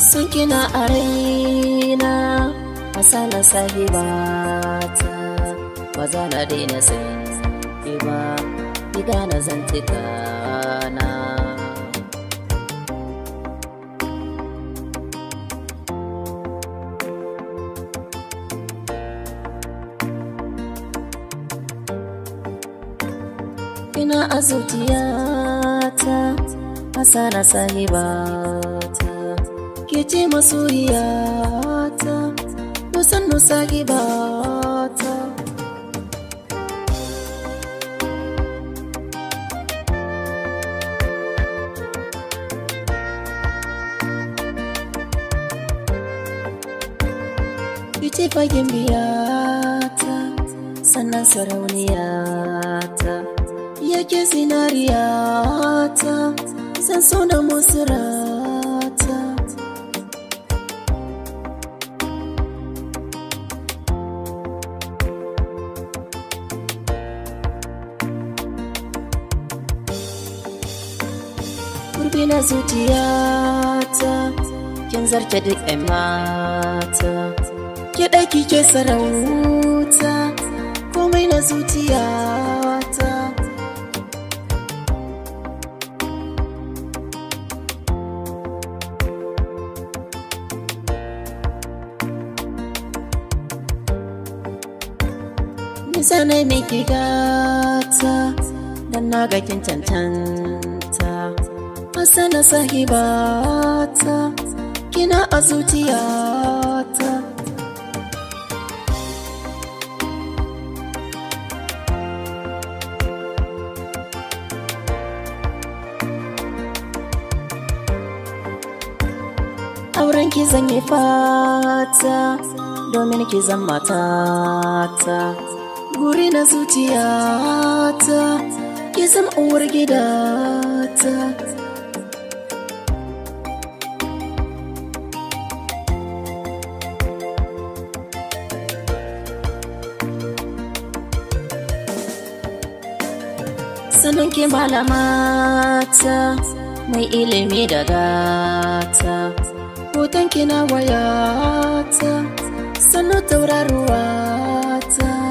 su kina a raina hasana sahibata ba za na daina sai ba gida na zantika na ina a zuciyata sana sahibata ke ce masoyiyata nusan nusa ibata ki ce fagen biyata sannan sarauniyata yake zinariyata rufi na zuciyata kin zarce duk yan mata ke ɗaki ke sarauta komai na zuciyata Nisa na miki gata don na ga kin cancanta sana sahibata kina a zuciyata auren ki zan yi fata domin ki matata guri na zuciyata ki uwar gidata sanin ki malamata mai ilimi da gata hoton na wayata sannu tauraruwata